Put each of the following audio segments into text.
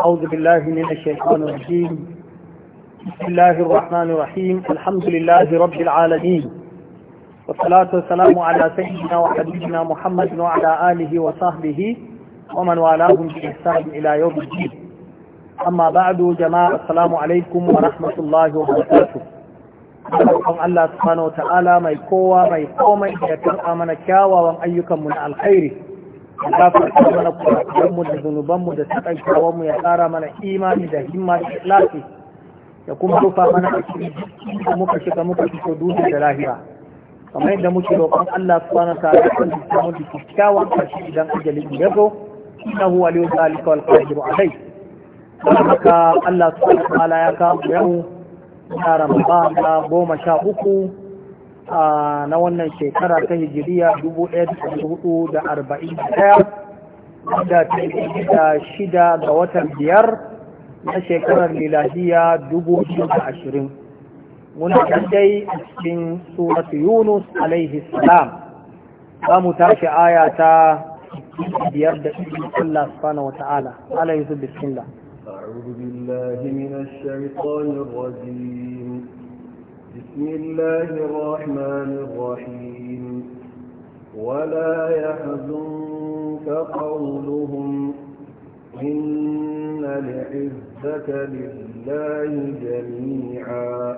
أعوذ بالله من الشيطان الرجيم بسم الله الرحمن الرحيم الحمد لله رب العالمين والصلاة والسلام على سيدنا وحبيبنا محمد وعلى آله وصحبه ومن والاهم بإحسان إلى يوم الدين أما بعد جماعة السلام عليكم ورحمة الله وبركاته Barkan Allah subhanahu wa ta'ala mai kowa mai komai da ya karɓa mana kyawawan ayyukanmu na alkhairi gafarta mana mu da zunuban mu da mu ya tsara mana imani da himma da lafi ya kuma rufa mana a cikin da muka shiga muka fito duniya da lahira kamar yadda muke roƙon Allah subhanahu wa ta'ala kan jikin mu da kashi idan ajalin ya zo innahu waliyyu zalika wal qadiru alai haka Allah subhanahu wa ta'ala ya kawo yau na Ramadan goma sha uku na wannan shekara ta hijiriya 1441 da ta da shida ga watan biyar na shekarar miladiya 2020 muna dai a cikin suratu yunus alaihi salam za mu tashi aya ta biyar da izinin Allah subhanahu wa ta'ala alaihi bismillah أعوذ بالله من الشيطان الرجيم بسم الله الرحمن الرحيم ولا يحزنك قولهم إن العزة لله جميعا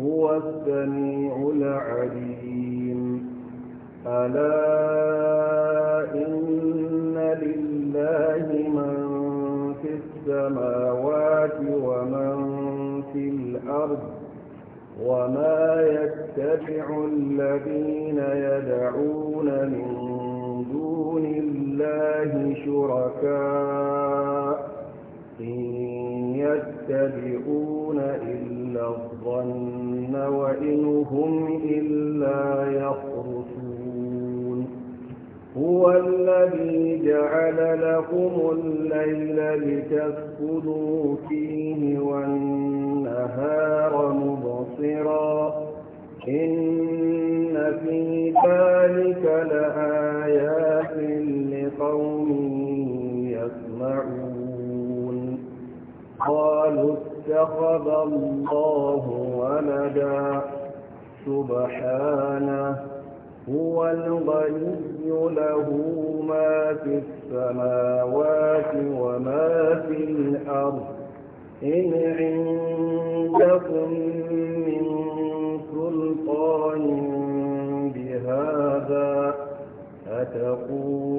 هو السميع العليم ألا إن لله من في السماوات ومن في الأرض وما يتبع الذين يدعون من دون الله شركاء إن يتبعون إلا الظن وإن هم إلا يخرسون هو الذي جعل لكم الليل لتسكنوا اتخذ الله ولدا سبحانه هو الغني له ما في السماوات وما في الأرض إن عندكم من سلطان بهذا أتقول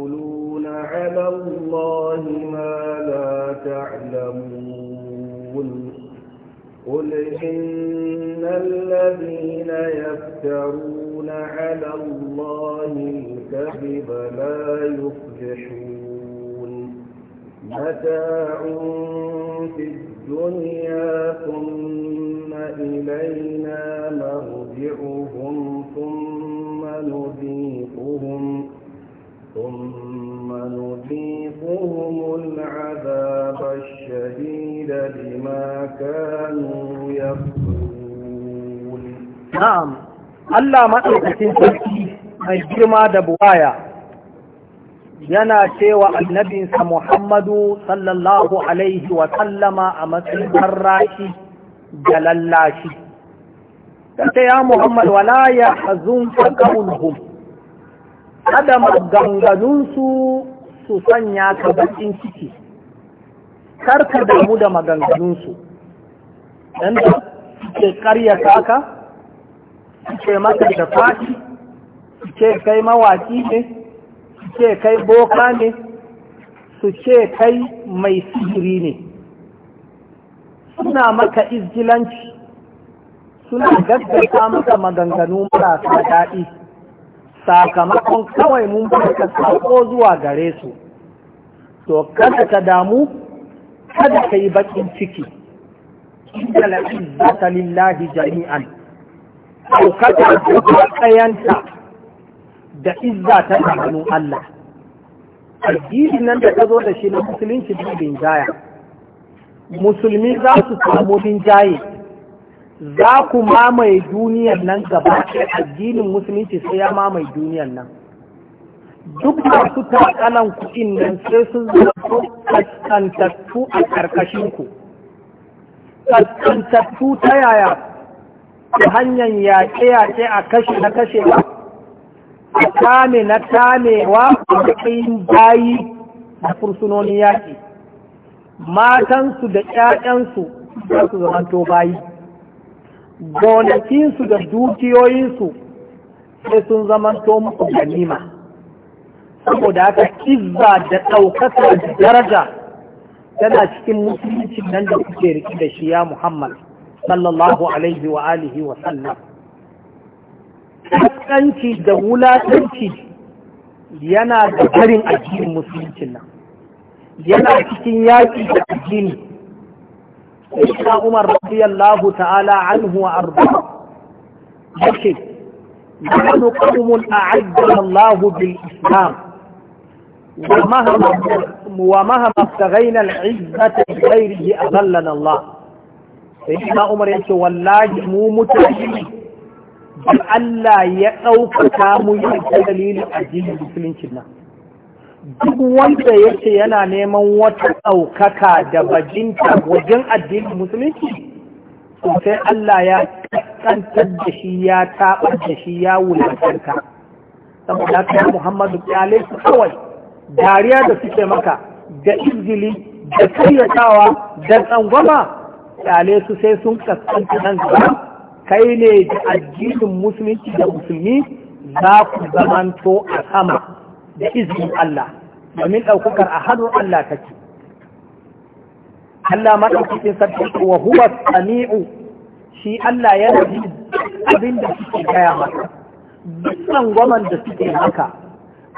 إن الذين يفترون على الله الكذب لا يفلحون متاع في الدنيا ثم إلينا مرجعهم ثم نذيقهم ثم نذيقهم العذاب الشديد بما كانوا يفعلون نعم الله ما أتكين تركي الجرمى دبوايا ينا شيوى النبي محمد صلى الله عليه وسلم أمثل الراشي جلالاشي الله يا محمد ولا يحزنك قولهم kada maganganunsu su sanya ka bakin ciki kar ka damu da maganganunsu dan da suke karyata ka suke maka da fashi suke kai mawaki ne suke kai boka ne su kai mai sihiri ne suna maka izgilanci suna gaggata maka maganganu marasa daɗi sakamakon kawai mun farka sako zuwa gare su to kada ka damu kada ka yi bakin ciki inda la'izzata lillahi jami'an to kada ka tsayanta da izza ta hannun Allah addini nan da ka zo da shi na musulunci da bin jaya musulmi za su samu bin jaye za ku mamaye duniyar nan gaba addinin musulunci sai ya mamaye duniyan nan duk masu takalan kuɗin nan sai sun zato kaskantattu a ƙarƙashin ku kaskantattu ta yaya ta hanyar yaƙe-yaƙe a kashe na kashewa a kame na kamewa a matsayin bayi fursunonin yaƙi matansu da 'ya'yansu za su zamanto bayi gonakinsu da dukiyoyinsu sai sun zama muku ganima saboda haka ƙizza da ɗaukata da daraja tana cikin musulunci nan da kuke riki da shi ya muhammad sallallahu alaihi wa alihi wa sallam kaskanci da wulatanci yana da garin addinin musulunci nan yana cikin yaƙi da addini Ina Umar radiyallahu ta'ala anhu wa arba yake nahnu qaumun a'addana Allah bil Islam wa mahama wa mahama tagayna al-izzata bi ghayrihi adallana umar ya ce wallahi mu mutane Allah ya ɗaukaka mu yi dalilin addinin musulunci nan duk wanda yake yana neman wata ɗaukaka da bajinta wajen addinin musulunci to sai Allah ya kaskantar da shi ya taɓa da shi ya wulakanta saboda ka Muhammadu kyale su kawai dariya da suke maka da izgili da karyatawa da tsangwama kyale su sai sun kaskanta nan gaba kai ne da addinin musulunci da musulmi za ku zamanto a sama da izinin Allah domin ɗaukakar a hannun Allah take Allah maɗaukakin sarki wa huwa sami'u shi Allah yana ji abin da suke gaya maka dukkan gwaman da suke haka.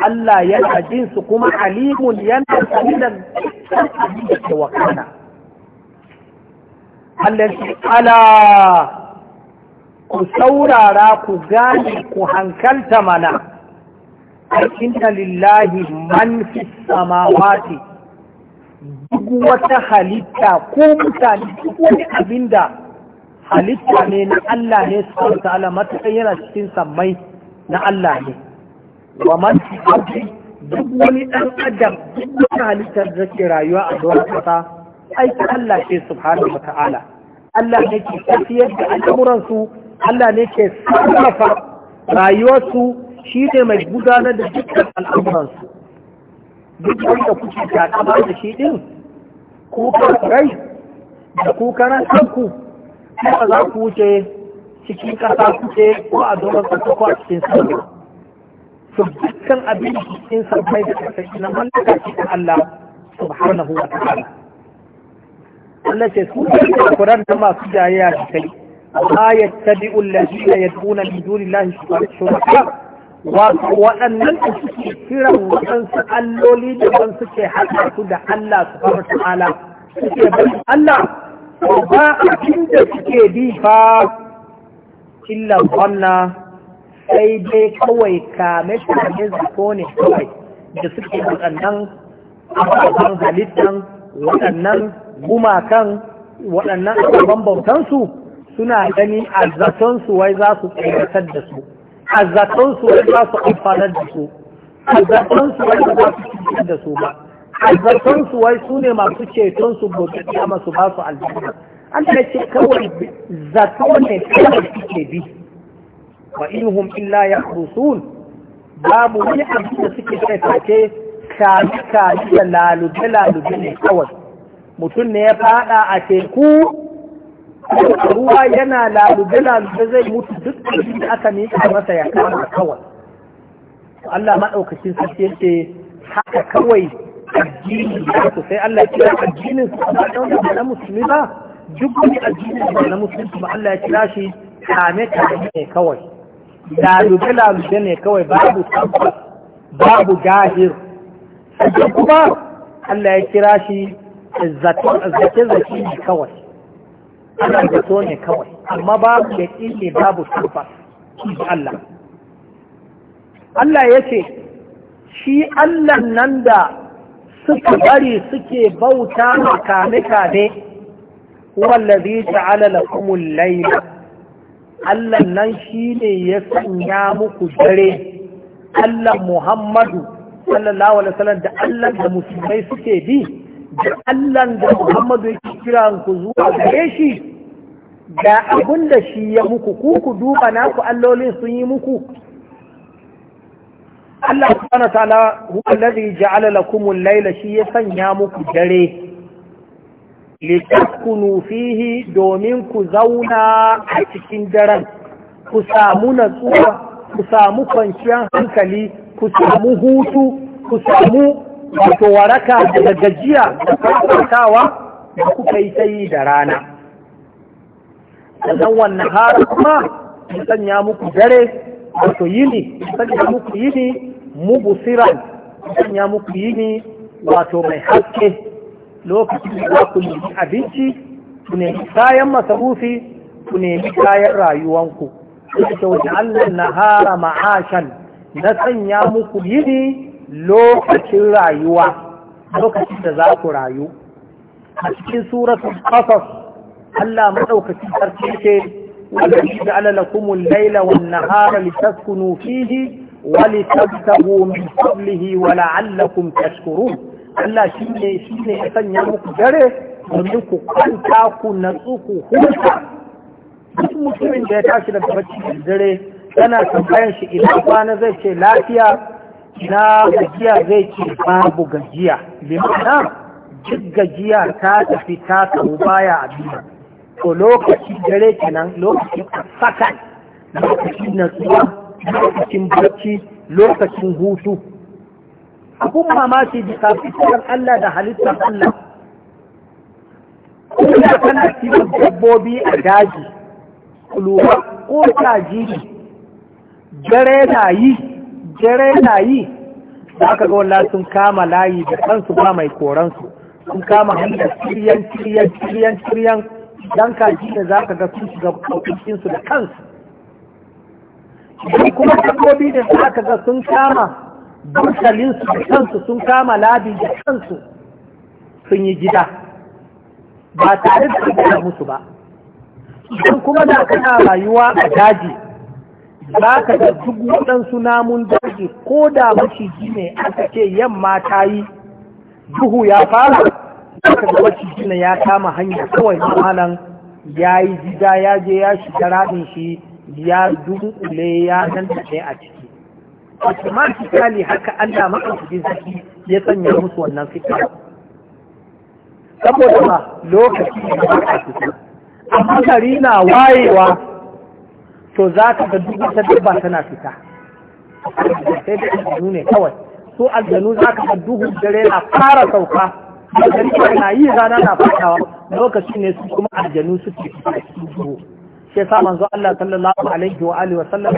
Allah yana jin su kuma alimun yana sani da dukkan abin da ke wakana Allah shi ala ku saurara ku gane ku hankalta mana inna lillahi man fi samawati duk wata halitta ko mutane duk wani abin da halitta ne na Allah ne alaihi wasallam matakan yana cikin samai na Allah ne wa man fi ardi duk wani dan adam duk wata halitta da ke rayuwa a doron ta ai Allah ce subhanahu ta'ala Allah ne ke tafiyar da al'amuransu Allah ne ke sarrafa rayuwarsu shi ne mai gudanar da dukkan al'amuransu duk wanda kuke takama da shi ɗin ku rai da ku karan kanku kuma za ku wuce cikin ƙasa kuke ko a domin ƙasa ko a cikin sama Su dukkan abin da cikin sammai da ƙasashe na mallaka shi da Allah huwa ta ta'ala Allah ce su ne kuran da masu jayayya da kai ayat tabi'ul ladina yad'una min dunillahi shuraka waɗannan da suke kiran waɗansu alloli daban suke haɗa su da Allah su fara ta'ala suke bari Allah ba abin da suke bi fa illa zanna sai dai kawai kame kame zato ne kawai da suke waɗannan abubuwan halittan waɗannan gumakan waɗannan abubuwan bautansu suna gani a su wai za su tsayatar da su a zatonsu wani za su amfanar da su a zatonsu wani za su cutar da su ba a zatonsu wai su ne masu ceton su gobe kiyama su ba su an Allah ce kawai zato ne kawai suke bi wa inhum illa ya yahrusun babu wani abu da suke kai take kami kami da lalube lalube ne kawai mutum ne ya fada a teku ruwa yana lalube lalube zai mutu duk abin da aka miƙa masa ya kama kawai Allah maɗaukacin sarki yake haka kawai addini su sai Allah ya kira addinin su ba don da na musulmi ba duk wani addini da na musulmi ba Allah ya kira shi kame kame ne kawai lalube lalube ne kawai babu tabbas babu gahir sannan kuma Allah ya kira shi zake zaki ne kawai ana zato ne kawai amma babu da ne babu tabbas shi Allah Allah ya ce shi Allah nan da suka bari suke bauta ma kame-kame wallazi ta'ala lakumul laila Allah nan shi ne ya sanya muku dare Allah Muhammadu sallallahu alaihi wasallam da Allah da musulmai suke bi da Allah da Muhammadu yake kiran ku zuwa gare shi da abin da shi ya muku ku ku duba naku allolin sun yi muku Allah subhanahu ta'ala huwa alladhi ja'ala lakum al-layla shi ya sanya muku dare nufi fihi domin ku zauna a cikin daren ku samu natsuwa ku samu kwanciyar hankali ku samu hutu ku samu wato waraka daga gajiya da farkawa da kuka yi tayi da rana zan wannan hara kuma in sanya muku dare wato yini in sanya muku yini mubusiran in sanya muku yini wato mai haske lokacin da za ku nemi abinci ku nemi kayan masarufi ku nemi kayan rayuwanku ita wajen Allah nahara ma'ashan na sanya muku yini lokacin rayuwa lokacin da za ku rayu a cikin suratul qasas Allah madaukakin sarki yake alladhi ja'ala lakum al-layla wan-nahara litaskunu fihi wa litabtaghu min fadlihi wa la'allakum tashkurun Allah shine shine ya sanya muku dare domin ku kwanta ku natsu ku huta duk mutumin da ya tashi daga bacci da dare yana tambayan shi ina kwana zai ce lafiya ina gajiya zai ce babu gajiya limana duk gajiya ta tafi ta samu baya a biyu to lokaci dare kenan lokacin sakan lokacin natsuwa lokacin barci lokacin hutu abun mamaki da kafin Allah da halittar Allah kuma kana kiwon dabbobi a daji kuluwa ko tajiri jere na yi dare na yi da aka ga wallah sun kama layi da kansu ba mai koransu sun kama hanyar kiriyan kiriyan kiriyan kiriyan dan kaji da za ka ga sun shiga kaukakinsu da kansu shi kuma dabbobi da za ka ga sun kama bursalinsu da kansu sun kama labi da kansu sun yi gida ba tare da da musu ba idan kuma da kana rayuwa a daji za ka ga duk waɗansu namun daji ko da maciji ne aka ce yamma ta yi duhu ya fara aka ga maciji na ya kama hanya kawai malam ya yi gida ya je ya shiga rabin shi ya dunkule ya nan da a ciki automatically haka Allah maɗaukakin ya sanya musu wannan fitar saboda ba lokaci da ba a fita amma gari na wayewa to za ka ga duk wata dabba tana fita sai da ne kawai su aljanu za ka duhu dare na fara sauka dare na yi rana na fadawa lokaci ne su kuma aljanu suke fito shi yasa manzo Allah sallallahu alaihi wa alihi wa sallam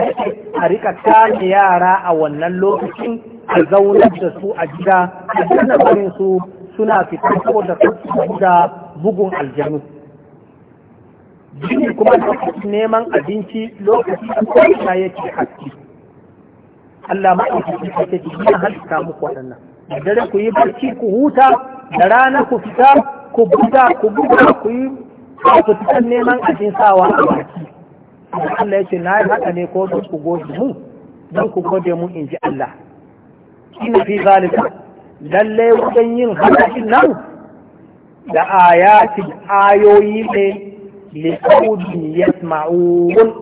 a rika kame yara a wannan lokacin a zaunar da su a gida a gina barin su suna fita saboda su da bugun aljanu jini kuma lokacin neman abinci lokacin da kuma yake haske Allah ma ya tafi ta ce ya halitta muku wannan da dare ku yi barci ku huta da rana ku fita ku buga ku buga ku yi ku fitan neman ajin sawa a baki Allah ya ce na yi haka ne ko ku gode mu dan ku gode mu in ji Allah ina fi zalika lalle wajen yin haka nan da ayati ayoyi ne li qawmin yasma'un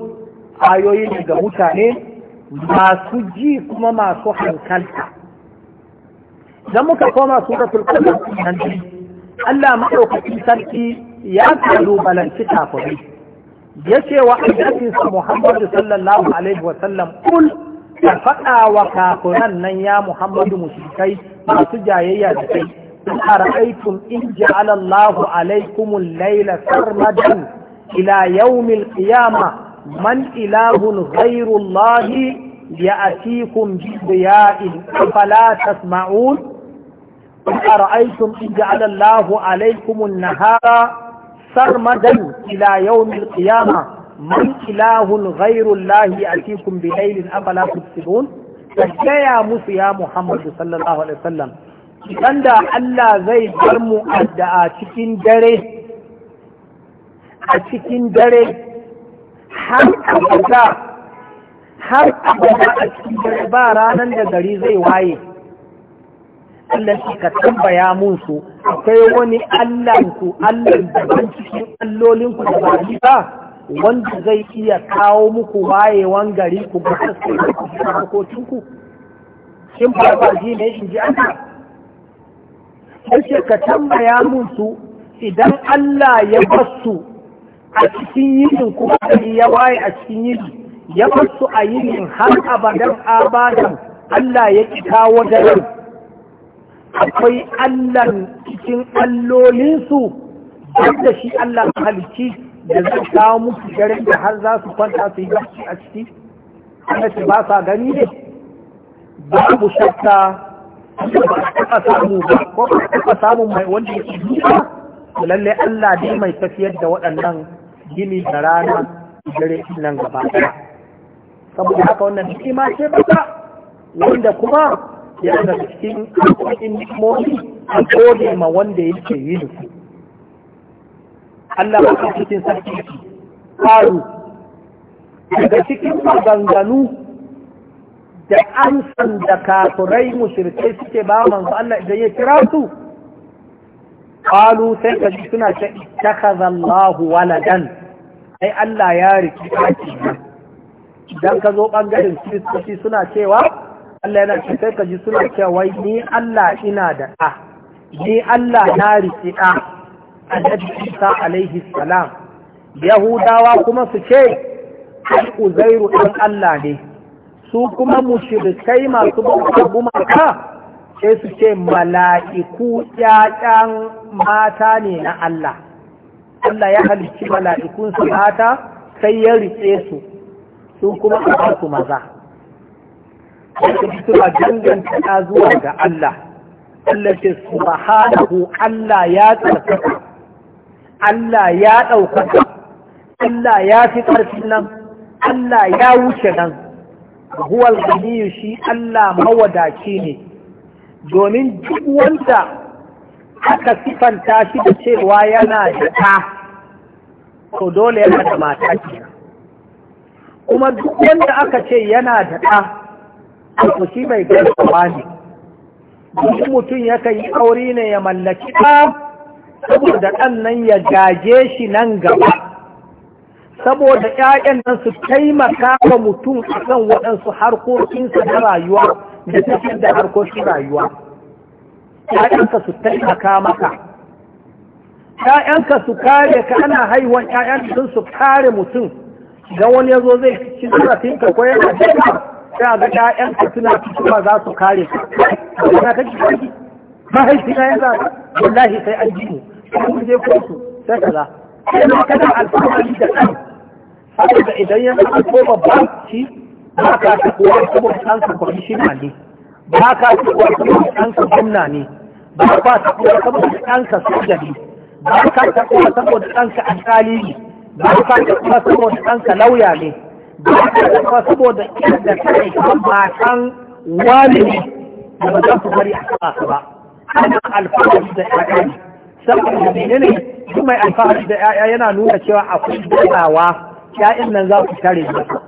ayoyi ne ga mutane masu ji kuma masu hankalta dan muka koma suratul qasas nan Allah madaukakin sarki ya kalubalanci Ya ce wa annabinsa Muhammadu sallallahu alaihi Wasallam, kul ka faɗa wa kafiran nan ya Muhammadu mushrikai masu jayayya da kai in ara'aitum in ja'ala Allahu alaykumul layla sarmadan ila yaumil qiyamah man ilahun ghairullahi يأتيكم بضياء فلا تسمعون أرأيتم إن جعل الله عليكم النهار سرمدا إلى يوم القيامة من إله غير الله يأتيكم بليل أفلا تبصرون فجاء موسى يا محمد صلى الله عليه وسلم idan da Allah zai bar mu a cikin dare a cikin dare har abada har abada a cikin dare ba ranar da gari zai waye Allah shi ka tambaya mun akwai wani Allahnku Allah daban cikin allolinku da ba ni ba wanda zai iya kawo muku wayewan gari ku ga harkokinku shin ba ba ji ne in ji ana sai ka tambaya munsu idan Allah ya basu a cikin yinin kuma ya waye a cikin yini ya fasu a yinin har abadan abadan Allah ya ki kawo daren akwai Allah cikin allolinsu da shi Allah halicci da zai kawo musu garin da har za su kwanta su yi gafi a ciki ana shi ba sa gani ne babu shakka ba a taɓa samu ba ko ba a taɓa samun mai wanda ya ci ba lallai Allah dai mai tafiyar da waɗannan gini da rana dare nan gaba saboda haka wannan hikima ce baka wanda kuma ya daga cikin alƙoƙin hikimomi a gode ma wanda yake yi da su Allah ba ka cikin sarki faru daga cikin maganganu da an san da kafurai mushrikai suke ba manzo Allah idan ya kira su sai ka suna ta ittakhadha waladan ai Allah ya riki kaki idan ka zo bangaren kiristoci suna cewa Allah yana ce kai ka ji suna cewa wai ni Allah ina da ɗa ni Allah na riki ɗa annabi Isa alaihi salam Yahudawa kuma su ce Uzairu ɗan Allah ne su kuma mushrikai masu bauta gumaka sai su ce mala'iku ‘ya'yan mata ne na Allah, Allah ya halicci mala'ikun su mata sai ya rike su sun kuma a su maza suna danganta ta zuwa ga Allah Allah ce Allah ya tsarkaka Allah ya ɗaukaka Allah ya fi ƙarfi nan Allah ya wuce nan huwal ganiyu shi Allah mawadaci ne domin duk wanda aka sifanta shi da cewa yana da ta to dole yana da mata kenan kuma duk wanda aka ce yana da ɗa to shi bai gaskawa ne duk mutum yakan yi aure ne ya mallaki ɗa saboda ɗan nan ya gaje shi nan gaba saboda ƴaƴan nan su taimaka wa mutum a kan waɗansu harkokinsa na rayuwa da tafiyar da harkokin rayuwa ƴaƴansa su taimaka maka Ya'yanka su kare ka ana haihuwan ƴaƴan sun su kare mutum idan wani ya zo zai ci zarafin ka ko yana daga sai a ga ƴaƴanka suna fitowa za su kare ka kana kake kake mahaifina yana wallahi sai an ji mu kuma je kotu sai kaza sai ma kana alfahari da kai saboda idan ya zama ko babban shi ba ka ta kowa saboda an su kwamishina ne ba ka ta kowa saboda an su gwamna ne ba ka ta kowa saboda an su soja ne ba ka ta kuma saboda ɗanka a ne ba ka ta kuma saboda ɗanka lauya ne ba ka ta kuma saboda inda ta ne kan matan wani ne da ba za su bari a kama su ba ana alfahari da ƴaƴa ne saboda menene duk mai alfahari da ƴaƴa yana nuna cewa akwai ginawa ƴaƴan nan za su tare masa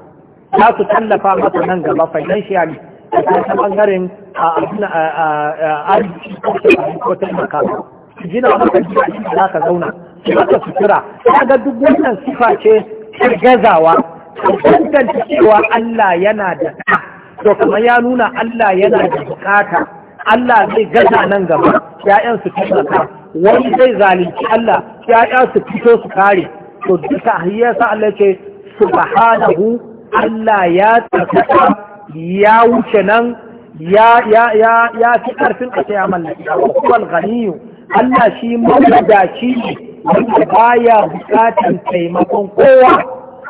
za su tallafa masa nan gaba financially da ta ɓangaren a arziki ko ta taimaka masa gina maka gida shi za ka zauna ki maka sutura ga duk wannan sifa ce gazawa danganta cewa Allah yana da ta to kamar ya nuna Allah yana da bukata Allah zai gaza nan gaba ya'yan su taimaka wani zai zalunci Allah yayan su fito su kare to duka hayyasa Allah ce subhanahu Allah ya tsaka ya wuce nan ya ya ya ya fi karfin a sai amalla ya kuwal Allah shi mawadaci ne wanda baya bukatan taimakon kowa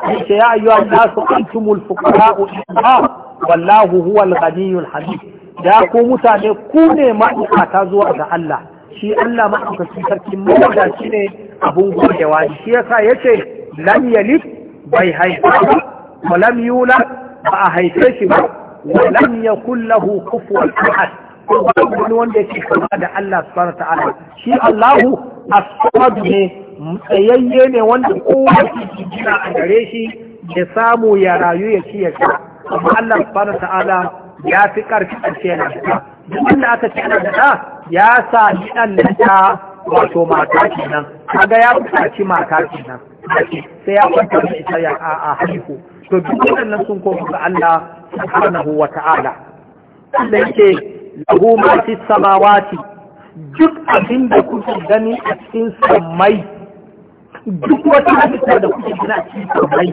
yace ya ayyuha nasu antumul fuqara'u ilallah wallahu huwal ghaniyyul hamid da ku mutane ku ne ma'aikata zuwa ga Allah shi Allah ma'aikacin sarki shi ne abun godewa shi yasa yace lam yalid bai haifa Ba lam yulad ba a haife shi ba wa lam yakul lahu kufuwan ko babu wani wanda yake kama da Allah subhanahu ta'ala shi Allahu as-samad ne tsayayye ne wanda kowa ke jira a gare shi ya samu ya rayu ya ci ya sha amma Allah subhanahu ta'ala ya fi karfi a ce da duk wanda aka ce yana da ya sa ni dan da wato mata kenan kaga ya ci mata kenan sai ya kwanta da ita ya a haihu to duk waɗannan sun koma ga Allah subhanahu wa ta'ala Allah yake lahu ma fi samawati duk abin da kuke gani a cikin samai. duk wata halitta da kuke gani a cikin samai.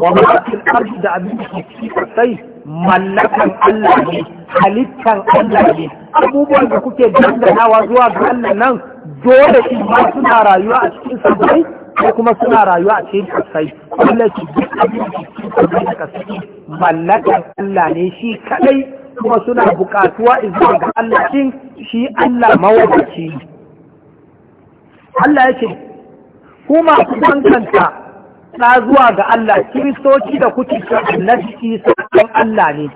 wa ma fi ardi da abin da ke cikin sai mallakan Allah ne halittan Allah ne abubuwan da kuke danganawa zuwa ga Allah nan dole shi ma suna rayuwa a cikin samai. ko kuma suna rayuwa a cikin samai. Allah shi duk abin da kuke cikin sammai da kasai mallakan Allah ne shi kadai kuma suna bukatuwa izuwa ga Allah shi Allah mawadaci Allah yake ku masu kankanta na zuwa ga Allah kiristoci da kuke ce annabi Isa dan Allah ne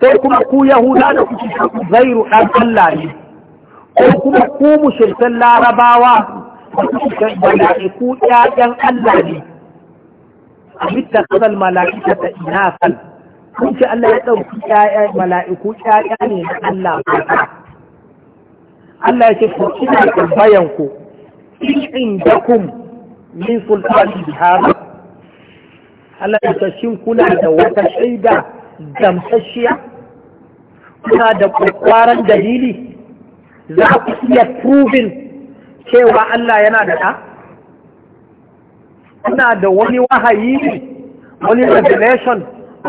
ko kuma ku yahuda da kuke ce Uzairu dan Allah ne ko kuma ku mushrikan larabawa da kuke ce mala'iku yayan Allah ne a mala'ika kazal mala'ikata inafal kun ce Allah ya ɗauki ƴaƴa mala'iku ƴaƴa ne na Allah Allah ya ce ku ina tambayan ku in indakum min sultani bihar Allah ya ce shin kuna da wata shaida gamsasshiya kuna da kwakwaran dalili za ku iya proving cewa Allah yana da ɗa? Kuna da wani wahayi ne, wani revelation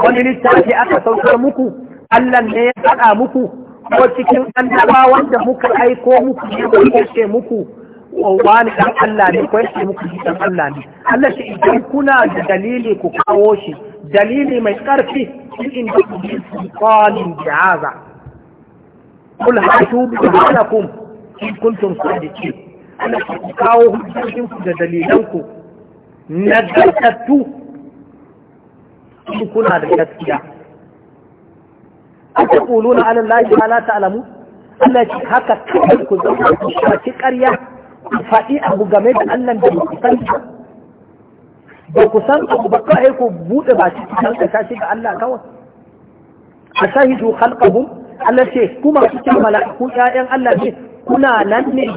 wani littafi aka saukar muku Allah ne ya faɗa muku ko cikin annabawan wanda muka aiko muku ne ko yake muku wani dan Allah ne ko yake muku dan Allah ne Allah shi idan kuna da dalili ku kawo shi dalili mai ƙarfi in inda ku qalin jaza kul hatu bi halakum in kuntum sadiqin Allah ku kawo hujjojinku da dalilanku nagartattu in kuna da gaskiya aka kuluna ala lahi ma la ta'lamu Allah ya ce haka kawai ku zama ku shaki ƙarya ku faɗi abu game da Allah da ku san ba ku san abu ba kawai ku buɗe ba shi ku san shi ga Allah kawai a shahidu khalqahum Allah ce kuma kuke mala'iku ƴaƴan Allah ce kuna nan ne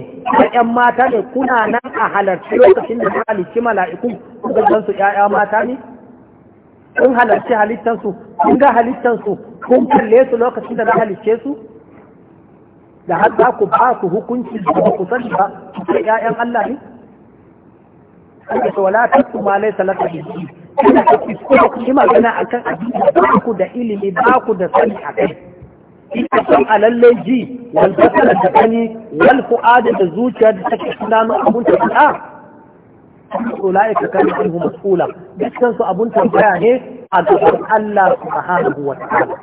ƴan mata ne kuna nan a halarci lokacin da halici mala'iku ku ga su ƴaƴa mata ne kun halarci halittansu kun ga halittansu kun kalle su lokacin da na halicce su da har za ku ba su hukunci da ba ku sani ba sai ƴaƴan Allah ne kuma ta wala ta kuma lai salaka ne kuma ku kuskura ku kuma magana akan addini ba ku da ilimi ba ku da sani akai ina son a lallai ji wal basara da gani wal fu'ada da zuciya da take tunanin abun da ta ulaika kana anhu mas'ula dukkan su abun tambaya ne a gaban Allah subhanahu wa ta'ala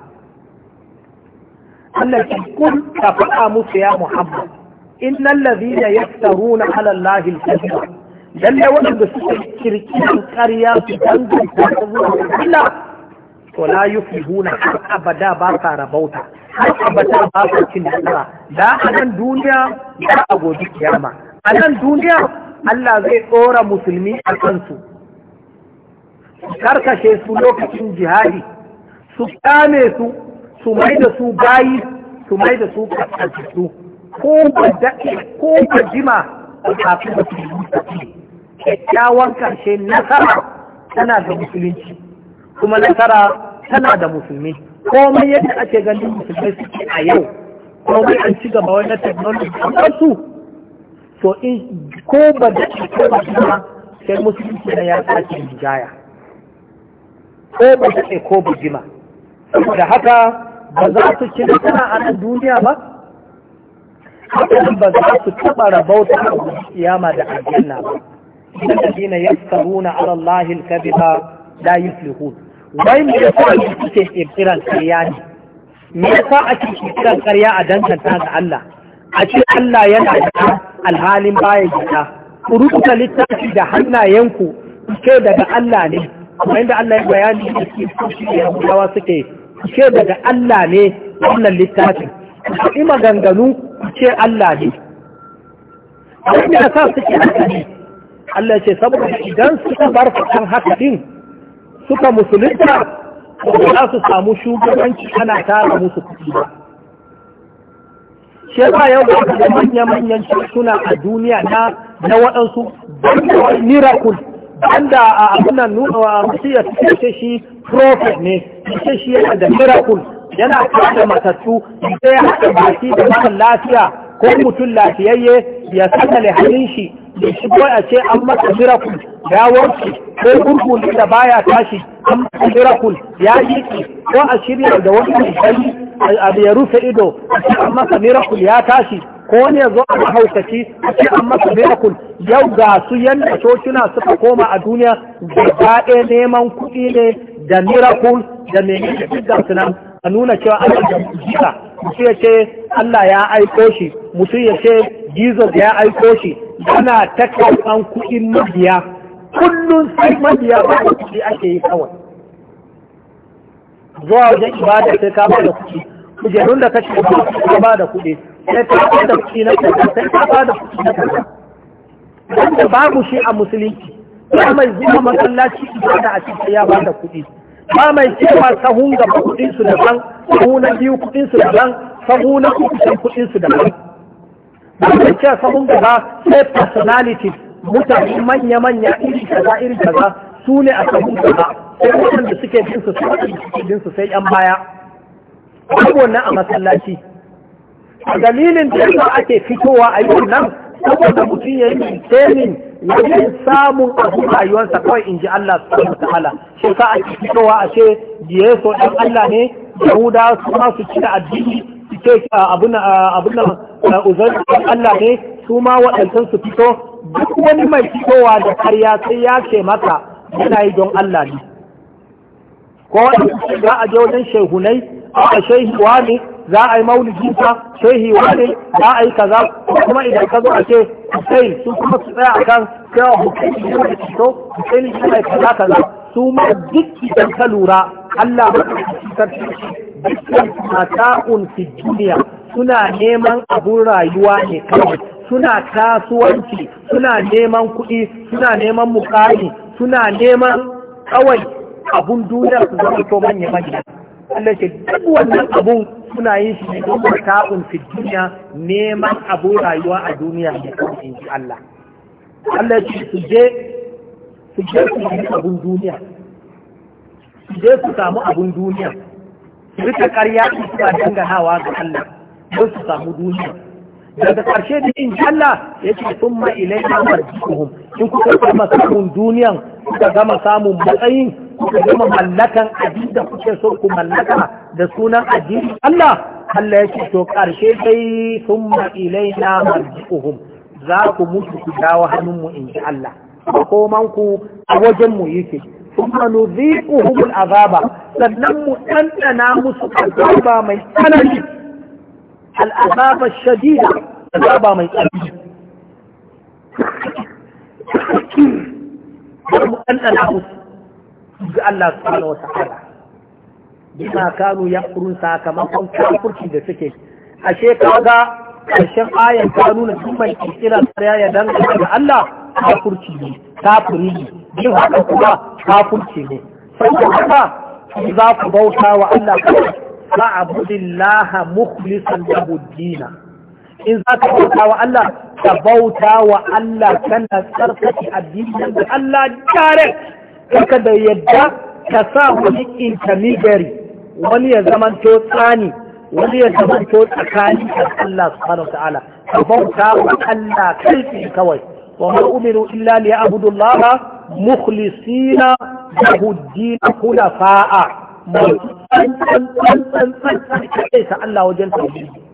Allah ki kun ka faɗa musu ya Muhammad Inna ladhina yaftaruna 'ala Allahi al-kadhiba lalle wanda suka kirkiran ƙarya su danganta ta Allah to la yuflihuna har abada ba rabauta har abada ba sa cin da a nan duniya da a gobe kiyama a nan duniya Allah zai tsora musulmi a kansu karkashe su lokacin jihadi su kame su su mai da su bayi su mai da su kaskantattu ko ko jima kafin musulmi kyakkyawan karshe nasara tana da musulunci kuma nasara tana da musulmi komai yadda ake ganin musulmai suke a yau komai an ci gaba wani technology kamar su to in ko ba da ko ba kuma sai musulunci na ya sake hijaya ko ba da ko ba jima da haka ba za su ci nasara a nan duniya ba hakan ba za su taɓa rabauta a kiyama da aljanna ba idan da dina yaskaruna ala Allah al-kadhiba la yuflihun wai me yasa suke kiran karya ne me yasa ake kiran karya a danganta ga Allah a ce Allah yana da alhalin bayan gida ku rubuta littafi da hannayenku ke daga Allah ne kuma inda Allah ya bayani da ke kushi da yawa suke ke daga Allah ne wannan littafin ku yi maganganu ku ce Allah ne abin da sa suke haka ne Allah ce saboda idan suka bar fitan haka din suka musulunta ba za su samu shugabanci ana tara musu kuɗi ba shi ba yau ba ka da manya-manyan suna a duniya na na waɗansu miracle banda a abin nan nuna ya ce shi prophet ne ce shi yana da miracle yana kada matattu sai ya baki da mutum lafiya ko mutum lafiyayye ya sakale hannun shi da shi boy a ce an masa miracle ya warke ko gurgun da baya tashi an masa miracle ya yi ko a shirya da wani misali abu ya rufe ido a ce an masa miracle ya tashi ko wani ya zo a haukaci a ce an masa miracle yau ga su yadda cocina suka koma a duniya gaba ɗaya neman kuɗi ne da miracle da menene duk da sunan a nuna cewa an da jika Mutu ya ce Allah ya aiko shi Mutu ya ce Jesus ya aiko shi yana ta kuɗin mabiya kullum sai mabiya ba kuɗi ake yi kawai zuwa wajen ibada sai ka ba da kuɗi kujerun da kashe ba ka ba da kuɗi sai ka ba da kuɗi na kuɗi sai ka ba da kuɗi na kaza wanda babu shi a musulunci ba mai zuwa masallaci ibada a cikin ya ba da kuɗi ba mai cewa sahun gaba kuɗin su daban sahun na biyu kuɗin su daban sahun na uku kuɗinsu kuɗin su daban ba mai cewa sahun gaba sai personality mutane manya-manya iri kaza iri kaza su ne a sabu gaba sai waɗanda suke jin su sai waɗanda suke jin su sai yan baya babu wannan a masallaci a dalilin da yasa ake fitowa a yi wannan saboda mutum ya yi training ya yi samun abu rayuwarsa kawai in ji Allah subhanahu wa ta'ala shi sa ake fitowa a ce yeso dan Allah ne yahuda su ma su ci da addini su ce abu na uzan Allah ne su ma waɗancan su fito duk wani mai fitowa da karya sai ya ce mata yana yi don Allah ne ko za a je wajen shehunai a shehi wani za a yi maulidi ta shehi wani za a yi kaza kuma idan ka zo a ce Hussein su kuma su tsaya akan cewa Hussein ne da fito Hussein ne yi kaza kaza su ma duk idan ka lura Allah ba ta dukkan mata'un fi duniya suna neman abun rayuwa ne kawai suna kasuwanci suna neman kuɗi suna neman mukami suna neman kawai abun duniya su zama to manya manya Allah ce duk wannan abun suna yin shi ne don ta'un fi duniya neman abu rayuwa a duniya ne kawai in ji Allah Allah ce su je su je su yi abun duniya su je su samu abun duniya su rika ƙarya su suna danganawa ga Allah don su samu duniya daga ƙarshe da in ji Allah ya ce sun ma ilai na marjikuhum in kuka gama samun duniyan kuka gama samun matsayin kuka gama mallakan abin da kuke so ku mallaka da sunan addini Allah Allah ya ce to karshe sai summa ilaina marji'uhum za ku mutu ku dawo hannunmu in ji Allah komanku a wajenmu yake kuma nuziquhum azaba sannan mu ɗanɗana musu azaba mai tsanani al'azaba shadida azaba mai tsanani har mu ɗanɗana musu ga Allah subhanahu wa ta'ala bima kanu yaqrun sakamakon kafirci da suke ashe kaga karshen ayan ta nuna duk mai tsariya ya dangana ga Allah kafirci ne kafiri ne yin haka kuma kafirci ne saboda haka za ku bauta wa Allah ba abudillah mukhlishan lahu dina in za ka bauta wa Allah ka bauta wa Allah kana tsarkake addinin da Allah direct kaka da yadda ka sa wani intermediary wani ya zamanto tsani wani ya zamanto tsakani da Allah subhanahu ta'ala ka bauta wa Allah kai kawai wa ma umiru illa li ya'budu Allah mukhlisina lahu ad-din khulafa'a mai tsantsan tsantsan kai ta Allah wajen tauhidi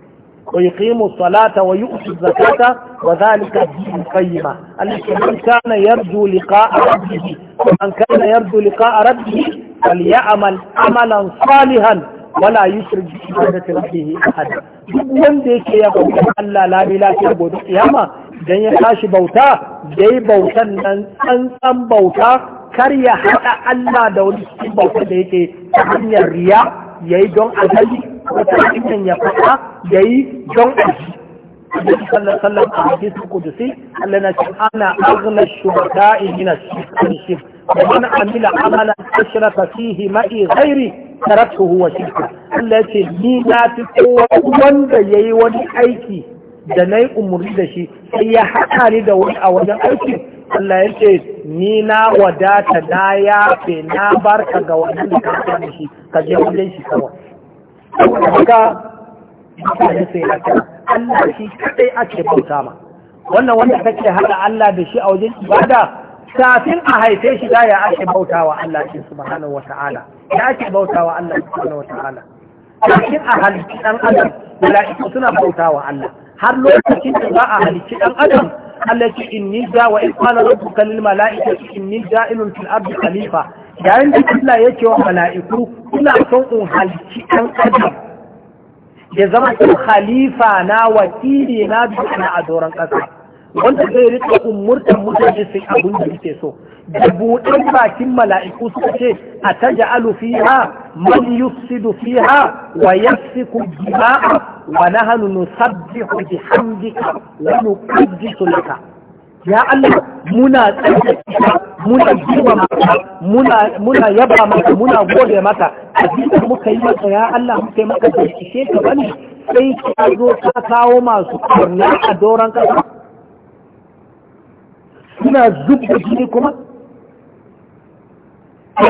ويقيم الصلاة ويؤتي الزكاة وذلك الدين القيمة التي من كان يرجو لقاء ربه ومن كان يرجو لقاء ربه فليعمل عملا صالحا ولا يشرك بعبادة ربه أحدا duk wanda yake ya bauta Allah la lafiya gobe kiyama dan ya tashi bauta dai bautan nan tsantsan bauta karya ya haɗa Allah da wani cikin bautar da yake ta hanyar riya ya yi don azali ko ta hanyar ya faɗa ya yi don ji a sallallahu alaihi wasallam a da sai Allah na ce ana aghna shuhada'i min ash-shirk ومن عمل عملا اشرك فيه معي غيري wa shi. Allah ya ce ni na fi kowa wanda ya yi wani aiki da na yi umarni da shi sai ya haɗa ni da wani a wajen aikin Allah ya ce ni na wadata na yafe na barka ga wannan da ka sani shi ka je wajen shi kawai haka mutane sai ya kira Allah shi kadai ake bauta ma wannan wanda kake hada Allah da shi a wajen ibada kafin a haife shi da ya ake bautawa Allah shi subhanahu wata'ala ya ake bautawa Allah subhanahu wata'ala kafin a halitta dan adam mala'iku suna bautawa Allah har lokacin da za a halitta dan adam التي إني جاء وإذ قال ربك للملائكة إني جائل في الأرض خليفة yayin da Allah ya ce wa mala'iku ina son in halci ɗan adam ya zama su khalifa na wakili na a doron ƙasa wanda zai rika umurtan mutane sai abin da yake so da buɗe bakin mala'iku suka ce a taj'alu fiha man yufsidu fiha wa yasfiku dima'a wa nahnu nusabbihu bihamdika wa nuqaddisu laka ya Allah muna tsaya muna jiwa maka muna muna yaba maka muna gode maka abinda muka yi maka ya Allah muka yi maka da shi ka bane sai ka zo ka kawo masu karna a doron kasa suna da jini kuma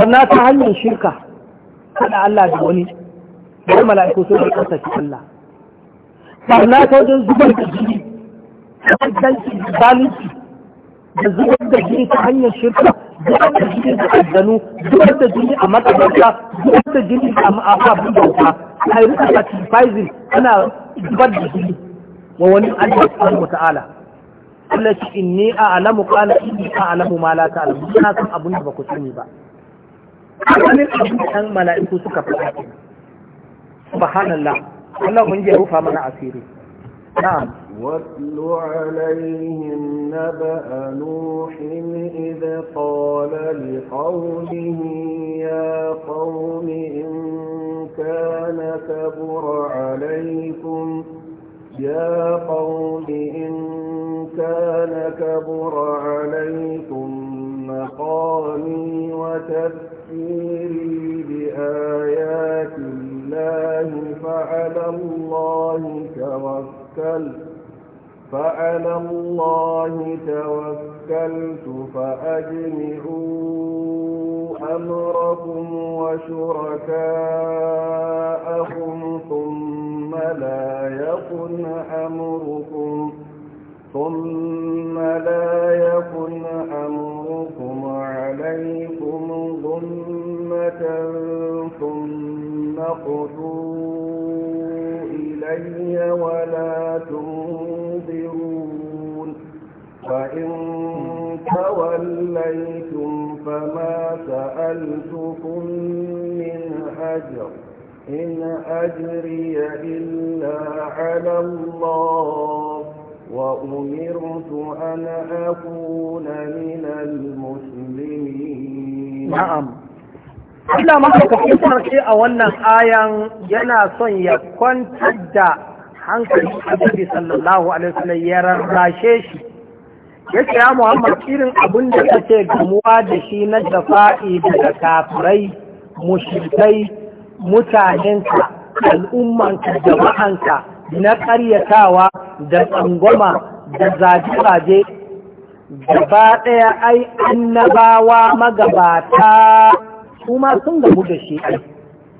na ta hanyar shirka kada Allah da wani bari mala'iku sun rikon sa Allah barna ta wajen zubar da jini kaddanci da zalunci da zubar da jini ta hanyar shirka zubar da jini da addanu zubar da jini a makabarta zubar da jini a ma'afafin d'auka, a yi rika sacrificing ana zubar da jini wa wani Allah subhanahu wa ta'ala إني أعلم قال إني أعلم ما لا تعلم أنا كم أبوني بكتوني با أنا سبحان الله نعم واتل عليهم نبأ نوح إذ قال لقومه يا قوم إن كان كبر عليكم يا قوم أنا كبر عليكم مقامي وتذكيري بآيات الله فعلى الله توكلت فعلى الله توكلت فأجمعوا أمركم وشركاءكم ثم لا يكن أمركم ثم لا يكن أمركم عليكم ظلمة ثم اقتوا إلي ولا تنظرون فإن توليتم فما سألتكم من أجر إن أجري إلا على الله وأمرت أن أكون من المسلمين نعم Allah mahaukacin sarki a wannan ayan yana son ya kwanta da hankalin Annabi sallallahu ya rarrashe shi yace ya Muhammad irin abun da kake gamuwa da shi na dafa'i daga kafirai mushrikai mutanenka al'ummanka jama'anka na ƙaryatawa da tsangwama da zaje-zaje gaba ɗaya ai annabawa magabata kuma sun gamu da shi ai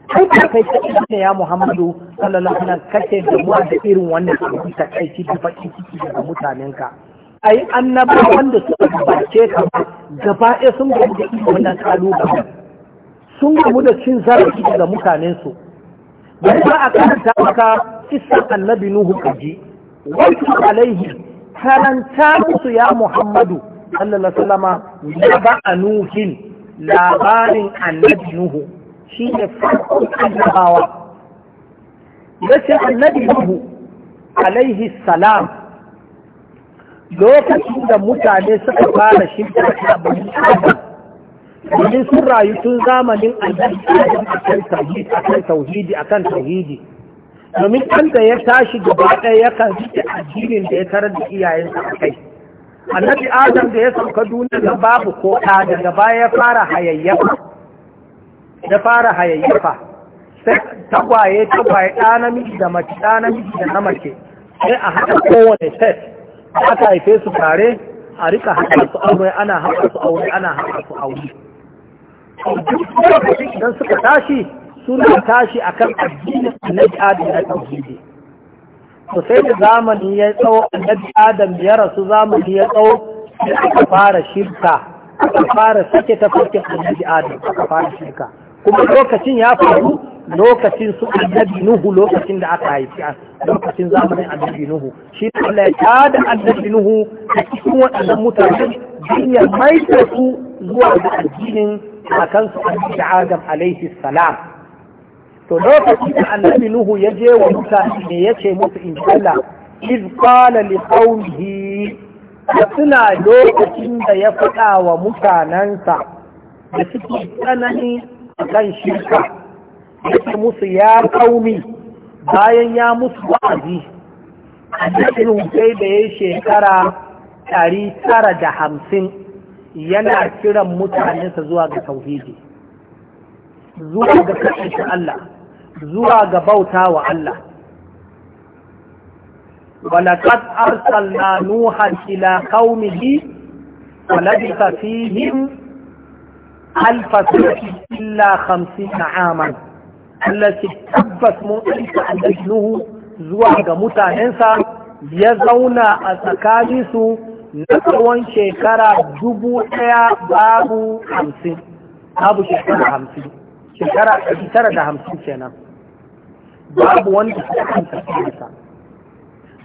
kai ta kai ta ne ya muhammadu sallallahu alaihi wasallam kace da mu da irin wannan abu ta kai shi da baki ciki da mutanenka ai annabawa wanda suka gabace ka gaba ɗaya sun gamu da irin wannan kalubale sun gamu da cin zarafi daga mutanen su. bari ba a karanta maka kisan annabi nuhu kaji wasu alaihi karanta musu ya muhammadu sallallahu sallama ya ba a nuhin labarin annabi nuhu shi ne farkon annabawa ya annabi nuhu alaihi salam lokacin da mutane suka fara shirka da bani adam domin sun rayu tun zamanin al'adun akan tauhidi akan tauhidi akan tauhidi domin kan da ya tashi gaba ɗaya yakan a addinin da ya tarar da iyayensa a kai annabi adam da ya sauka duniya da babu ko ta daga baya ya fara hayayyafa ya fara hayayyafa sai tagwaye tagwaye ɗa da mace ɗa namiji da sai a haɗa kowane set aka haife su tare a rika haɗa su aure ana haɗa su aure ana haɗa su aure don idan suka tashi suna tashi a kan addinin na adam na tauhidi to sai da zamani ya tsawo annabi adam ya rasu zamani ya tsawo da aka fara shirka aka fara sake a na adam aka fara shirka kuma lokacin ya faru lokacin su annabi nuhu lokacin da aka haifi a lokacin zamanin annabi nuhu shi Allah ya tada annabi nuhu a cikin waɗannan mutane jinyar mai maida su zuwa da addinin a cikin adam alaihi salam to lokacin da annabi nuhu ya je wa mutane ne ya ce musu in Allah iz qala li suna lokacin da ya faɗa wa mutanensa da suke tsanani a kan shirka ce musu ya kaumi bayan ya musu wa'azi a cikin sai da ya shekara ɗari tara da hamsin yana kiran mutanensa zuwa ga tauhidi zuwa ga kashe Allah zuwa ga bauta wa Allah walaqad arsalna nuha ila qaumihi walabitha fihim alfa illa khamsina aman allati tabbas mu'alika alajnuhu zuwa ga mutanensa ya zauna a tsakaninsu na tsawon shekara dubu ɗaya babu hamsin babu shekara hamsin shekara ɗari tara da hamsin kenan babu wanda suka kanta kansa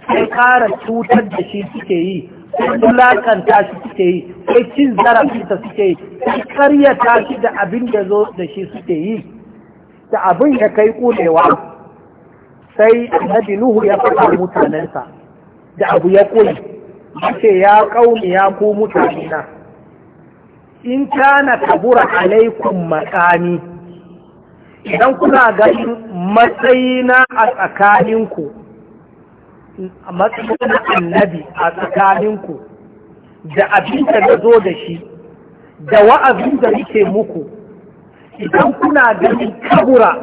sai ƙara cutar da shi suke yi sai wulakanta shi suke yi sai cin zarafinsa suke yi sai karyata shi da abin da zo da shi suke yi da abin ya kai ƙulewa sai annabi nuhu ya faɗa mutanensa da abu ya ƙule ake ya ƙauni ya ku mutane na in kana tabura alaikun matsani? idan kuna ganin matsayina a tsakaninku matsayin annabi a tsakaninku da abin da na zo da shi da wa'azin da nike muku idan kuna ganin kabura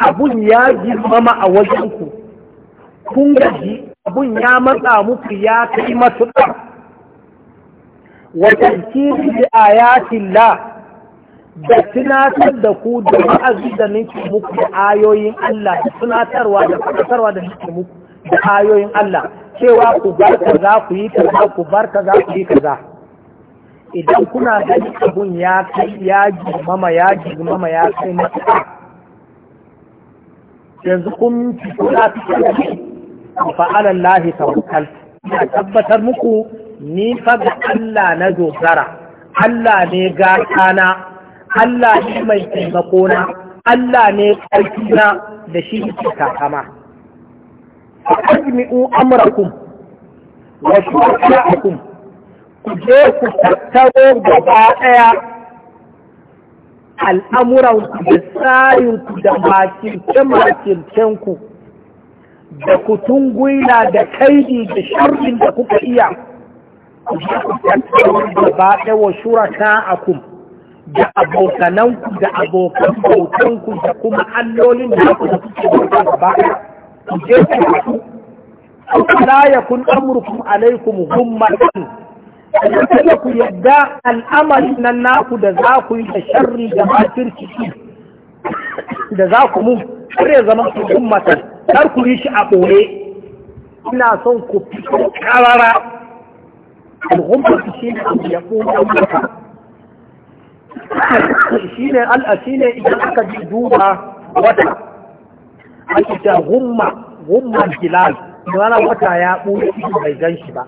abun ya girmama a wajenku kun gaji abun ya matsa muku ya kai matuƙa wa tarkibi bi la da tunatar da ku da ma'azi da nake muku da ayoyin Allah da tunatarwa da fadatarwa da nake muku da ayoyin Allah cewa ku bar kaza ku yi kaza ku bar kaza ku yi kaza idan kuna gani abun ya kai ya girmama ya girmama ya kai matuƙa yanzu kun fi kuna fi fa ala Allah tawakkal ya tabbatar muku ni fa Allah na dogara Allah ne na. Allah ne mai taimakona na Allah ne karfi na da shi ke kakama fa ajmi'u amrakum wa shuraka'akum ku je ku tattaro gaba ɗaya ku da tsarin ku da makirce ku da kutun gwila da kaidi da shirin da kuka iya ku je ku tattauna gaba ɗaya wa shuraka akum da abokananku da abokan bautanku da kuma allolin da ku da kuke bauta ba ku je ku haɗu la yakun amrukum alaikum gummatan kada ku yadda al'amari nan naku da za ku yi da shirin da makirci da za ku mun kure zama ku ummatan kar ku yi shi a ɓoye ina son ku fito karara al'ummar su shi ne ya kuma mata shi ne al'asi ne idan aka ji duba wata ake ta gumma gumma hilal mana wata ya ɓoye shi bai gan shi ba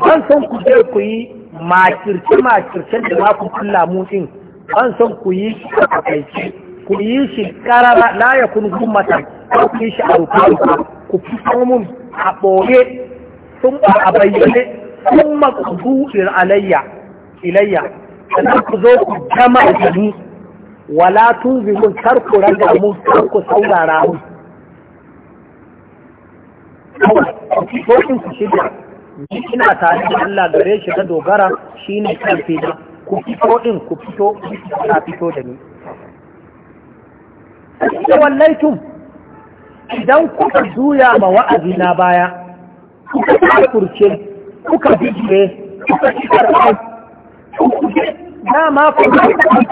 ban son ku je ku yi makirce makirce da za ku kula mutum an san ku yi shi a takaice ku yi shi karara Na ya kun gummata ko ku yi shi a rufe ku fi mun a ɓoye sun ba a bayyane sun makudu alayya ilayya sannan ku zo ku jama a jini wala tun zimun kar ku mun kar ku saurara mun kawai ku shirya ina tare da Allah gare shi ta dogara shine karfi na ku fito din ku fito ta fito da ni da wallaitum idan kuka zuya ma wa'azi na baya kuka kafurce kuka bijire kuka karɓar dama ku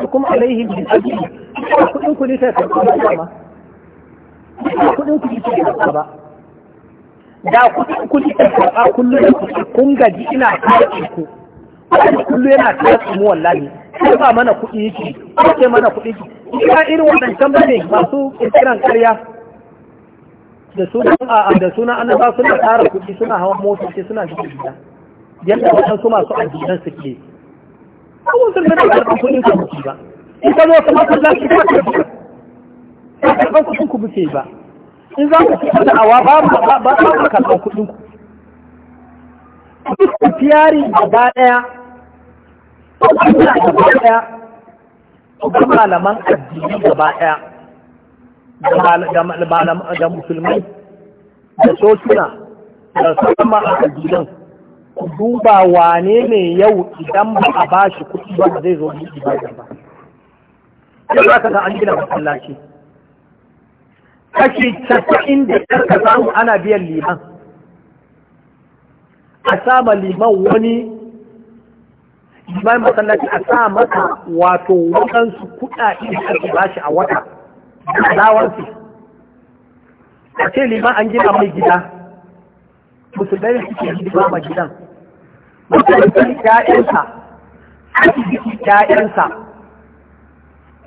ku kuma alaihi bin ajli kudin ku ne ta karɓa ba kudin ku ne ta karɓa ba da kudin ku ne ta karɓa kullum kun gaji ina karɓe ku wanda kullu yana tsaye mu wallahi sai ba mana kuɗi yake ko sai mana kuɗi yake ina irin wadancan bane masu kirkiran ƙarya da suna a da suna annaba suna tara kuɗi suna hawan hawa ce, suna shiga gida yadda wadansu masu addinan suke ko sun da karɓar kuɗin ku ba in ka zo kuma kun zaki ka karɓar kuɗin ku ba in za ku ci da'awa ba ba ba karɓar kuɗin ku duk tiyari gaba ɗaya gaba ɗaya ga malaman addini gaba ɗaya da musulmai da sosuna da sama a addinan duba wane ne yau idan ba a ba shi kuɗi ba zai zo yi ibadar ba sai za ka ga an gina masallaci kashi casa'in ka samu ana biyan liman a sama liman wani liman masallaci a sa masa wato waɗansu kuɗaɗe da ake bashi a wata alawarsu a ce liman an gina mai gida musulmai suke hidima ma gidan musulmai ƴaƴansa asibiti 'ya'yansa,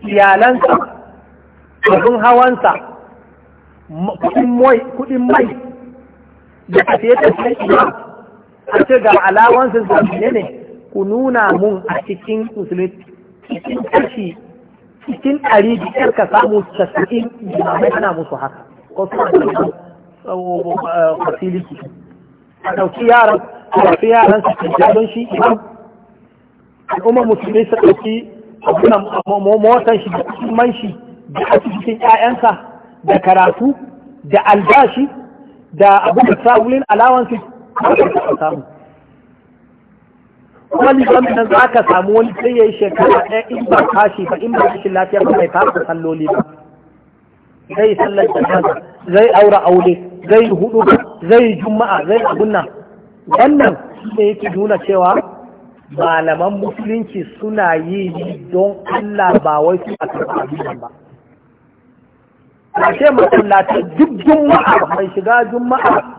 iyalansa abin hawansa kuɗin mai da tafiye tafiye iyal a ce ga alawansu ne ne ku nuna mun a cikin musulunci, cikin kashi cikin ɗari biyar ka samu casa'in limamai ana musu haka ko suna cikin eh, fasiliki a ɗauki yaran a ɗauki yaran su cikin don shi imam al'ummar musulmi su ɗauki abunan motan shi da man shi da a cikin ƴaƴansa da karatu da albashi da abubuwa sabulin alawansu samu kuma limamin nan za ka samu wani sai ya yi shekara ɗaya in ba kashi ba in ba rashin lafiya ba mai fasa salloli ba zai sallar jama'a zai aura aure zai hudu zai juma'a zai abun nan wannan ne yake nuna cewa malaman musulunci suna yi don Allah ba wai su a karɓa abinan ba. Kashe masallaci duk juma'a mai shiga juma'a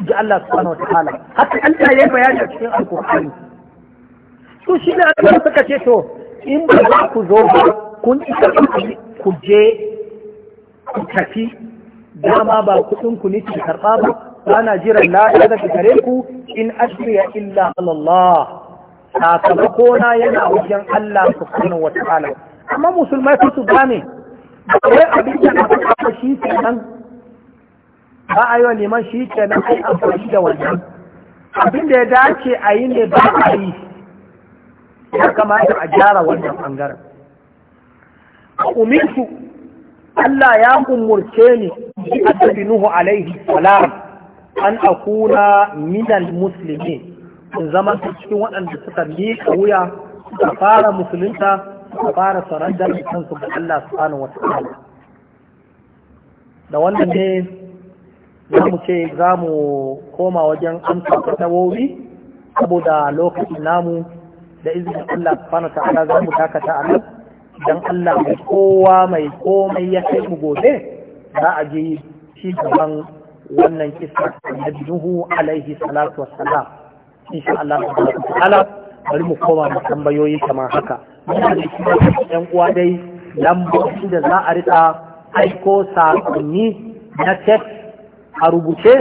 ji Allah subhanahu wataala haka Allah ya bayani a cikin alkur'ani to shi ne Allah suka ce to in ba za ku zo ba kun isa ku je ku tafi dama ba kuɗin ku nake karɓa ba ba na jiran la'ada daga gare ku in ashriya illa Allah sakamako na yana wajen Allah subhanahu wataala amma musulmai su gane ba wai abin da aka shi kenan ba a yi wa neman shi ke nan ai amfani da wannan abin da ya dace a yi ne ba a yi ya kamata a gyara wannan bangaren umirtu Allah ya umurce ni annabi Nuhu alaihi salam an akuna minal muslimin in zama cikin waɗanda suka miƙa wuya suka fara musulunta suka fara sarandar kansu ga Allah subhanahu wa ta'ala da wannan ne za mu ce za mu koma wajen amsa ta tawobi saboda lokacin namu da izinin Allah subhanahu ta'ala za mu dakata a nan idan Allah mai kowa mai komai ya kai mu gobe za a je ci gaban wannan kisa annabi Nuhu alaihi salatu wassalam insha Allah subhanahu ta'ala bari mu koma mu tambayoyi kamar haka muna da yan uwa dai lambobi da za a rika aiko sakonni na text a rubuce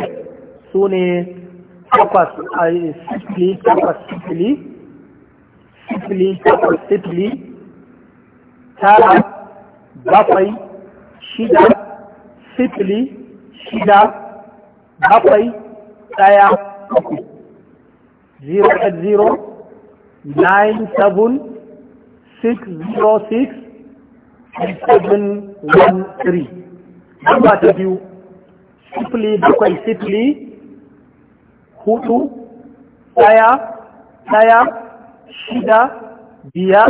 su ne takwas sifili takwas sifili sifili takwas tara bakwai shida sifili shida bakwai ɗaya uku 080 ta biyu Simply, bakwai sifili hutu ɗaya ɗaya shida biyar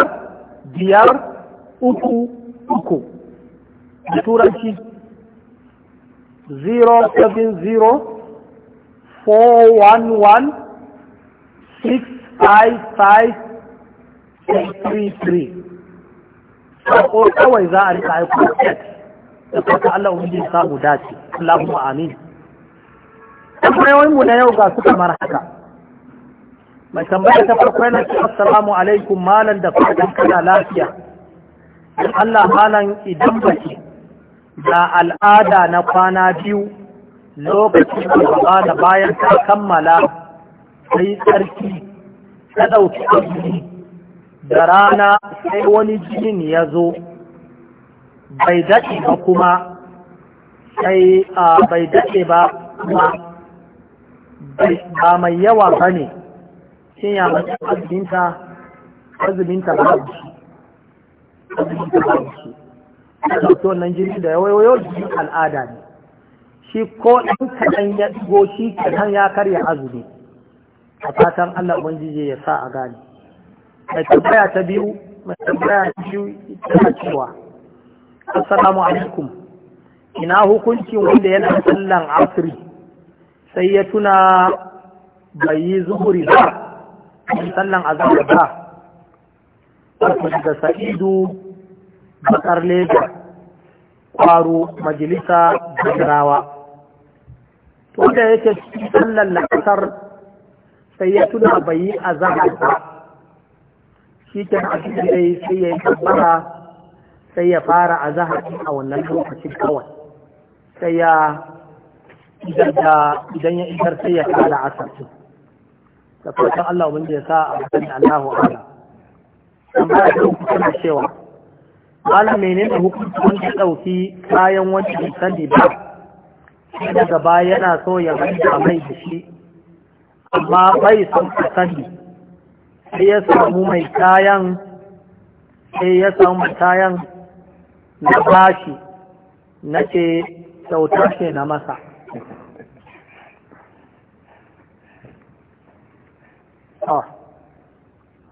diar uku uku da turanci 070 411 655 that sako kawai za da fata Allah wani samu dace Allahumma amin tambayoyin mu na yau ga suka mara haka mai tambaya ta farko yana ce assalamu alaikum malam da fatan kana lafiya in Allah malam idan bace da al'ada na kwana biyu lokacin da da bayan ta kammala sai tsarki ta ɗauki ɗauki da rana sai wani jinin ya zo bai daɗe ba kuma sai a bai daɗe ba kuma ba mai yawa ba ne shin ya mace azuminta azuminta ba da shi azuminta ba da a ɗauki wannan jini da yawayoyo jikin al'ada ne shi ko ɗan kaɗan ya ɗigo shi kaɗan ya karya azumi a fatan Allah Ubangiji ya sa a gane mai tambaya ta biyu mai tambaya ta biyu ta cewa assalamu alaikum ina hukuncin wanda yana sallan asiri sai ya tuna bai yi zuhuri ba sallan azabar ba wato da sa'idu bakar leda kwaro majalisa jirawa to da yake sallan la'asar sai ya tuna bai yi azhar ba shi ta a dai sai ya yi tabbara sai ya fara a zahari a wannan lokaci kawai sai ya idan ya idar sai ya kala asarci da fatan Allah wanda ya sa a wajen Allahu ala amma a yau kuma cewa malam menene hukunci wanda ya dauki kayan wanda bai sani ba daga baya yana so ya ganta mai da shi amma bai son ka sani sai ya samu mai kayan sai ya samu mai kayan na bashi na ce kyauta ce na masa a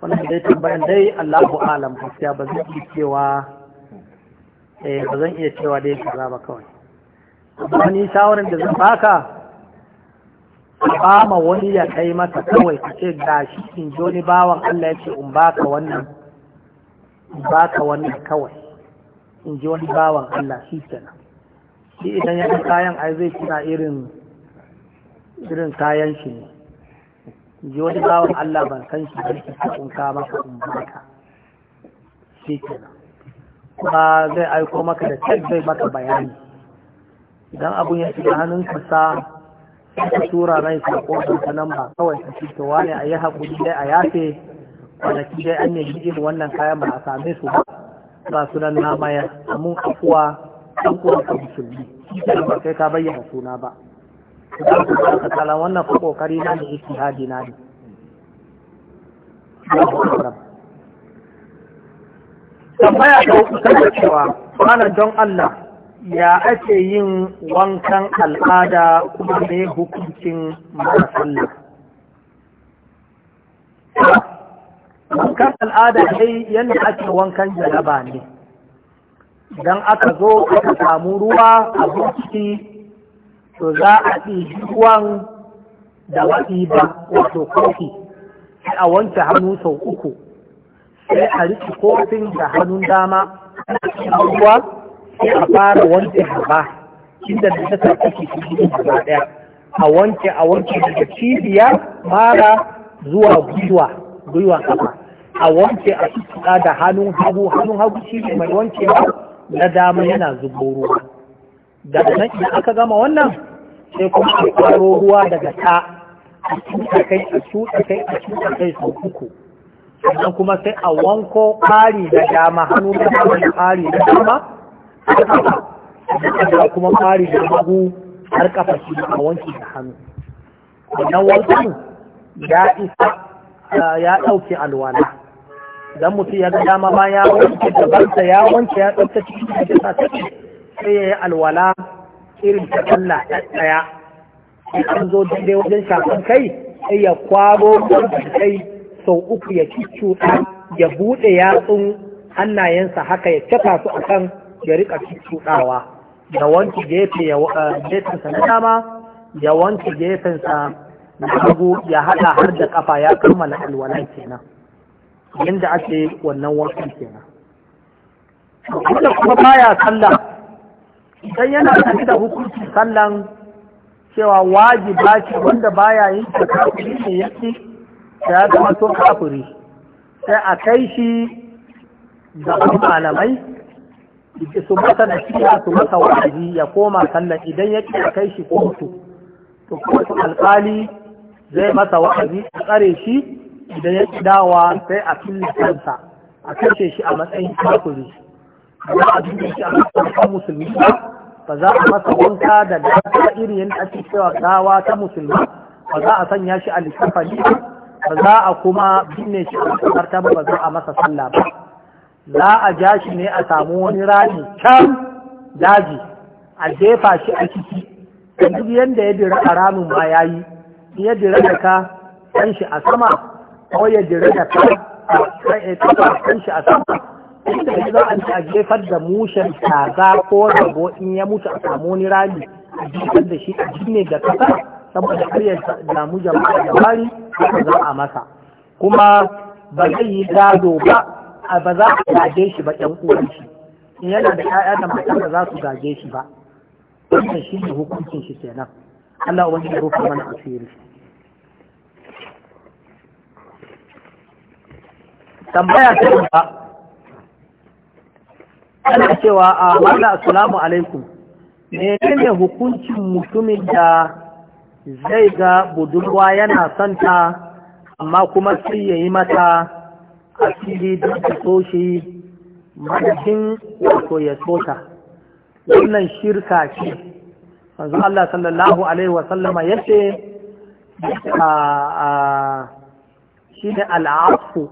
wannan dai tambayan dai Allahu alam gaskiya ba zan iya cewa eh ba zan iya cewa dai ka ba kawai amma ni shawaran da zan baka ba ma wani ya kai masa kawai ka ce gashi in ji bawan Allah ya ce in baka wannan in baka wannan kawai in ji wani bawan Allah shi kenan shi idan ya kayan ai zai tuna irin irin kayan shi ne in ji wani bawan Allah ban san shi ba shi ta kunka maka in baka shi kenan kuma zai aiko maka da tek zai maka bayani idan abun ya shiga ka sa ka tura rai ko ka nan ba kawai ka fito wani a yi haƙuri dai a yafe kwanaki dai an ne irin wannan kayan ba a same su ba ba sunan na maya mun afuwa an kuma ka musulmi kitan ba kai ka bayyana suna ba idan ku ka tsala wannan fa kokari na ne ijtihadi na ne tambaya da uku tana cewa malam don Allah ya ake yin wankan al'ada kuma ne hukuncin mara sallah wankan al'ada dai yadda ake wankan jaraba ne idan aka zo aka samu ruwa a ciki to za a ɗi ruwan da waɗi ba wato kofi sai a wanke hannu sau uku sai a riƙe kofin da hannun dama ruwa sai a fara wanke gaba inda da ta take cikin gaba ɗaya a wanke a wanke daga cibiya mara zuwa gwiwa gwiwa kafa a wanke a tuttuɗa da hannun hagu hannun hagu shi ne mai wanke na dama yana zubo ruwa daga nan idan aka gama wannan sai kuma a faro ruwa daga ta a cuta kai a cuta kai a cuta kai sau uku sannan kuma sai a wanko kari da dama hannu da dama da kari da dama da kuma kari da hagu har kafa shi a wanki da hannu wannan wancan ya isa ya ɗauke alwala dan mutum ya ga dama ma ya wanke gabansa ya wanke ya ɗauke cikin da ta sai ya yi alwala irin ta sallah ɗaya sai zo daidai wajen shafin kai sai ya kwaro kai sau uku ya cuccuɗa ya buɗe yatsun hannayensa haka ya caka su akan ya riƙa cuccuɗawa ya wanke gefe ya na dama ya wanke gefensa. da hagu ya haɗa har da kafa ya kammala alwala kenan yadda ake wannan wasu kenan wanda kuma baya sallah idan yana tafi da hukunci sallan cewa wajiba ce wanda baya yin ta kafiri ne yake da ya zama to kafiri sai a kai shi ga malamai su masa da ya su masa wa'azi ya koma sallan idan yake a kai shi kotu to alƙali zai masa wa'azi a tsare shi idan ya dawa sai a fili kansa a kashe shi a matsayin kakuri ba a duka shi a matsayin musulmi ba za a masa wanka da dafa irin yadda ake cewa dawa ta musulmi ba za a sanya shi a littafali ba za a kuma binne shi a kasarta ba ba za a masa sallah ba za a ja shi ne a samu wani rami can daji a jefa shi a ciki Duk yadda ya dira a ramin ma ya yi ya jira da ka kan shi a sama ko ya jira da ka kan shi a sama inda ya za a ci a jefar da mushen kaza ko rago in ya mutu a samu wani rami a jefar da shi a jinne da kasa saboda har ya damu jama'a da bari za a masa kuma ba zai yi gado ba ba za a gaje shi ba ƴan uwan shi yana da ƴaƴa da mata da za su gaje shi ba wannan shi ne hukuncin shi kenan Allah wani ya rufe mana asiri tambaya ta ba ana cewa a wanda asalamu alaikum menene hukuncin mutumin da zai ga budurwa yana santa amma kuma sai ya yi mata asiri don ta so madadin wato ya sota, wannan shirka ce manzo Allah sallallahu alaihi wa sallama yace a shine al'afu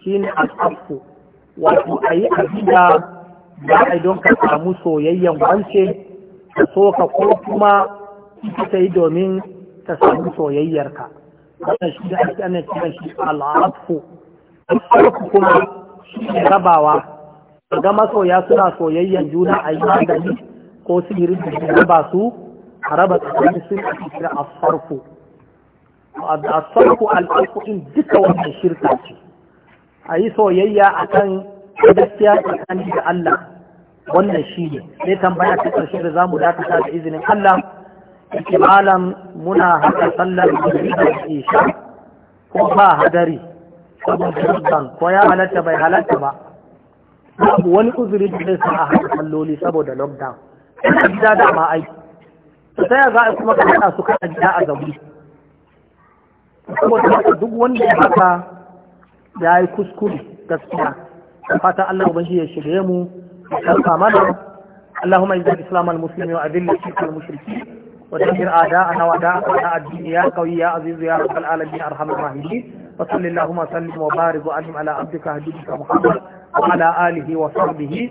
shine al'afu wato ayi abida ba a don ka samu soyayyen wance ka so ka ko kuma ta yi domin ta samu soyayyarka wannan shi da ake ana kiran shi al'afu al'afu kuma shi rabawa ga masoya suna soyayyen juna a yi magani ko sihirin da ya ba su a raba tsakanin sun A kira asfarku asfarku al'alƙu'in duka wannan shirka ce a yi soyayya a kan gaskiya tsakanin da Allah wannan shi ne sai tambaya ta ƙarshe da zamu dakata da izinin Allah yake malam muna haɗa sallar da isha ko ba hadari saboda ko ya halatta bai halatta ba babu wani uzuri da zai sa a haɗa salloli saboda lockdown a gida dama ai ta ya za a kuma ka haɗa su kan a gida a zaune saboda haka duk wanda ya haka ya yi kuskure gaskiya fatan Allah ubangi ya shirye mu kan kamar اللهم اجعل الاسلام المسلم واذل الشرك والمشركين ودمر اعداءنا واعداءك اعداء الدين يا قوي يا عزيز يا رب العالمين ارحم الراحمين وصل اللهم وسلم وبارك وانعم على عبدك هديك محمد وعلى اله وصحبه